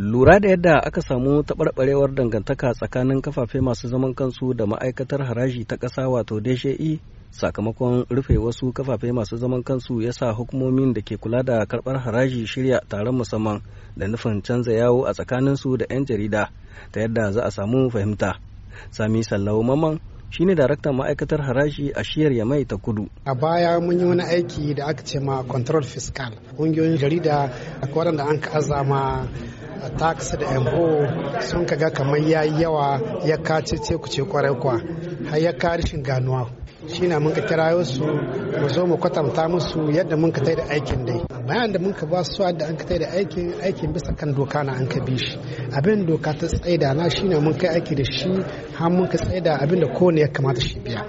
lura da yadda aka samu taɓarɓarewar dangantaka tsakanin kafafe masu zaman kansu da ma'aikatar haraji ta ƙasa wato DSHE sakamakon rufe wasu kafafe masu zaman kansu ya sa hukumomin da ke kula da karɓar haraji shirya taron musamman da nufin canza yawo a tsakaninsu da 'yan jarida ta yadda za a samu fahimta sami sallau maman shine daraktan ma'aikatar haraji a shiyar yamai ta kudu a baya mun yi wani aiki da aka ce ma control fiscal ƙungiyoyin jarida a waɗanda an ka azama a tax da empo sun kaga kamar ya yi yawa ya kace ce ku ce kwarai kwa har ya ka ganuwa shi na mun ka kirayo su mu zo mu kwatanta musu yadda mun ka da aikin dai bayan da mun ka ba su da an ka da aikin aikin bisa kan doka na an ka bi shi abin doka ta tsaida na shi na mun kai aiki da shi har mun ka tsaida abin da kowane ya kamata shi biya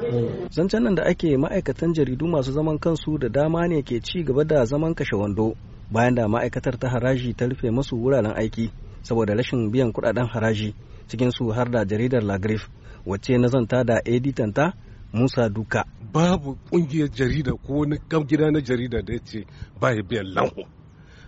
zancen nan da ake ma'aikatan jaridu masu zaman kansu da dama ne ke ci gaba da zaman kashe wando bayan da ma'aikatar ta haraji ta rufe masu wuraren aiki saboda rashin biyan kudaden haraji cikin su har da jaridar lagrif wacce na zanta da editan ta musa duka babu kungiyar jarida ko wani gida na jarida da ya ce ba ya biyan lanho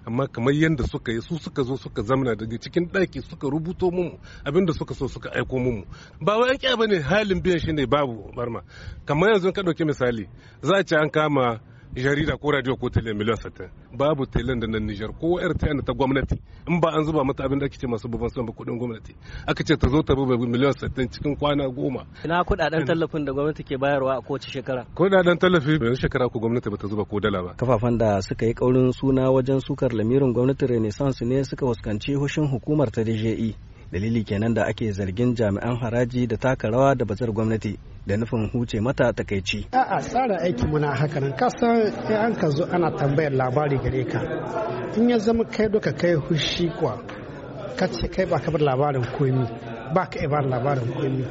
amma kamar yadda suka yi su suka zo suka zamana daga cikin ɗaki suka rubuto mumu abinda suka so suka aiko mumu ba wai an ba ne halin biyan shi ne babu barma kamar yanzu ka ɗauki misali za a ce an kama jarida ko radio ko tele miliyan satin babu telen da nan Nijar ko RTN ta gwamnati in ba an zuba mata abin da ake ce masu babban son kuɗin gwamnati aka ce ta zo ta babu miliyan satin cikin kwana goma ina kuɗaɗen tallafin da gwamnati ke bayarwa a kowace shekara kuɗaɗen tallafi yanzu shekara ko gwamnati bata zuba ko dala ba kafafan da suka yi kaurin suna wajen sukar lamirin gwamnati Renaissance ne suka fuskanci hushin hukumar ta DJI dalili kenan da ake zargin jami'an haraji da taka rawa da bazar gwamnati da nufin huce mata takaici. A'a tsara aiki muna haka nan kasan in an ka zo ana tambayar labari gare ka in ya zama kai duka kai hushi kuwa ka ce kai ba ka bar labarin komi ba ka bar labarin komi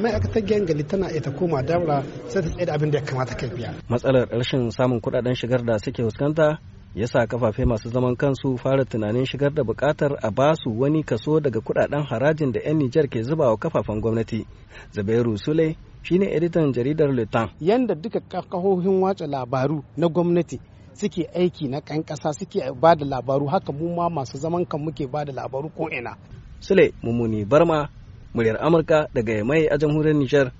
mai aka ma'aikatar gangali tana ita koma daura sai ta tsaye da abin da ya kamata kai biya. Matsalar rashin samun kudaden shigar da suke fuskanta ya sa kafafe masu zaman kansu fara tunanin shigar da bukatar a basu wani kaso daga kudaden harajin da 'yan Nijar ke zuba wa kafafen gwamnati. Zubairu Sule shine editan jaridar Lutan. Yanda duka kakahohin watsa labaru na gwamnati suke aiki na kan kasa suke ba da labaru haka mu ma masu zaman kan muke ba da labaru ko ina. Sule Mumuni Barma, muryar Amurka daga Yamai a jamhuriyar Nijar.